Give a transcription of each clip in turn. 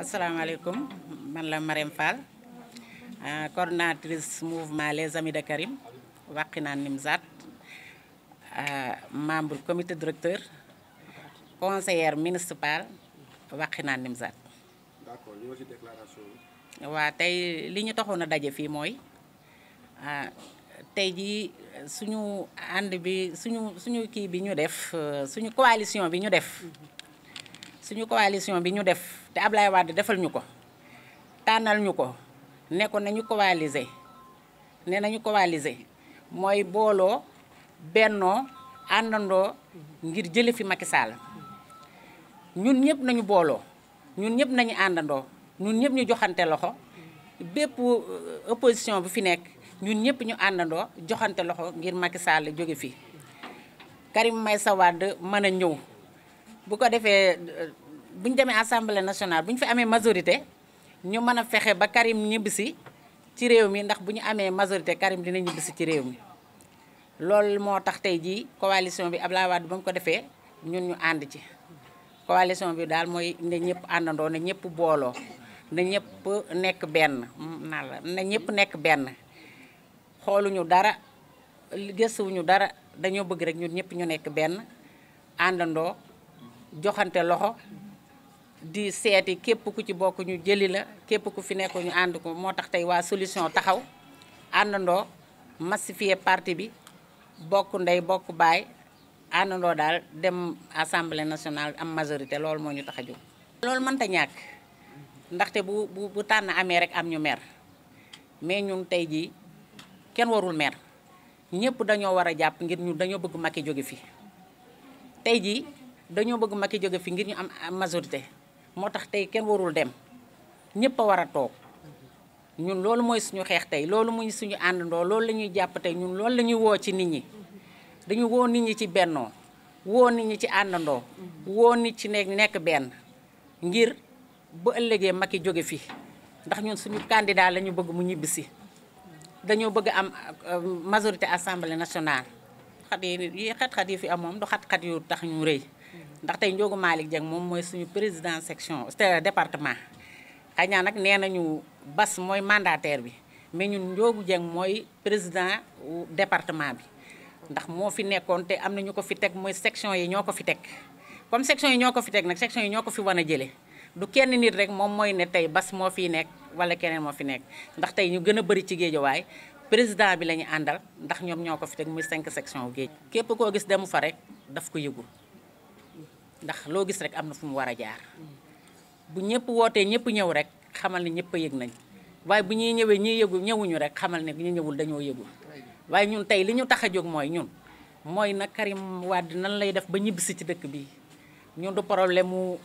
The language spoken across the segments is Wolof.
asalaamaaleykum man la Marème Fall euh, coordonnatrice mouvement les amis de Karim Wakhinane Nimzatt euh, membre commité directeur conseillère municipale Wakhinane Nimzatt. d'accord ñoo ci déclaration waa tey li ñu taxoon a daje fii mooy euh, tey jii suñu ànd bi suñu suñu kii bi ñu def suñu coalition bi ñu def. Mhm. suñu coalition bi ñu def te Ablaye Wade defal ñu ko tànnal ñu ko ne ko nañu coaliser ne nañu coaliser mooy booloo bennoo àndandoo ngir jële fi Macky Sall ñun ñëpp nañu booloo ñun ñëpp nañu àndandoo ñun ñëpp ñu joxante loxo bépp euh, opposition bu fi nekk ñun ñëpp ñu àndandoo joxante loxo ngir Macky Sall jóge fi Karim Meïssa Wade mën a ñëw bu ko defee euh, bu ñu demee assemblée nationale bu ñu fi amee majorité ñu mën a fexe ba Karim ñibbisi ci réew mi ndax bu ñu amee majorité Karim dina ñibbisi ci réew mi. loolu moo tax tey jii coalition bi Abdoulaye Wade ba mu ko defee ñun ñu ànd ci coalition bi daal mooy ne ñëpp àndandoo ne ñëpp booloo ne ñëpp nekk benn nala ne ñëpp nekk benn xooluñu dara gëstuwuñu dara dañoo bëgg rek ñun ñëpp ñu nekk benn àndandoo. joxante loxo di seeti képp ku ci bokk ñu jëli la képp ku fi nekk ñu ànd ko moo tax tey waa solution taxaw àndandoo massifier parti bi bokk ndey bokk baay àndandoo daal dem assemblée nationale am majorité loolu moo ñu tax a jóg. loolu mënta ñàkk ndaxte bu bu tànn amee rek am ñu mer mais ñun tey jii kenn warul mer ñëpp dañoo war a jàpp ngir ñu dañoo bëgg Macky jóge fi tey jii. dañoo bëgg Macky jóge fii ngir ñu am majorité moo tax tey kenn warul dem ñëpp a war a toog ñun loolu mooy suñu xeex tey loolu muy suñu àndandoo loolu la ñuy jàpp tey ñun loolu lañuy woo ci nit ñi dañu woo nit ñi ci bennoo woo nit ci àndandoo woo nit ci nekk nekk benn ngir bu ëllëgee Macky jóge fi ndax ñun suñu candidat la ñu bëgg mu ñibbisi dañoo bëgg am euh, majorité assemblée nationale xat yi xat-xat yi fi am moom du xat-xat yu tax ñu rëy ndax tey njoogu Malick Dieng moom mooy suñu président section euh, département xëy na nag nee nañu bas mooy mandataire bi mais ñun Ndiogou Dieng mooy président département bi ndax moo fi nekkoon te am na ñu ko fi teg mooy section yi ñoo ko fi teg comme section yi ñoo ko fi teg nag section yi ñoo ko fi war a jëlee du kenn nit rek moom mooy ne tey Bass moo fi nekk wala keneen moo fi nekk ndax tey ñu gën a bëri ci géejawaay président bi la ñu àndal ndax ñoom ñoo ko fi teg muy cinq section géej képp koo gis demu fa rek ko yëgul ndax loo gis rek am na fu mu war a jaar bu ñëpp wootee ñëpp ñëw rek xamal ne ñëpp yëg nañ waaye bu ñuy ñëwee ñu yëgu ñëwuñu rek xamal ne ñu ñëwul dañoo yëgu waaye ñun tey li ñu tax a jóg mooy ñun mooy na Karim Wade nan lay def ba ñibbisi ci dëkk bi ñun du problème mu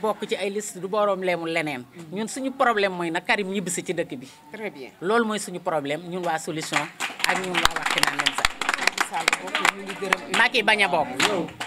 bokk ci ay liste du problème mu leneen ñun suñu problème mooy na Karim ñibbisi ci dëkk bi très loolu mooy suñu problème ñun waa solution ak ñun waa waxi naan leen sax Macky bañ a bokk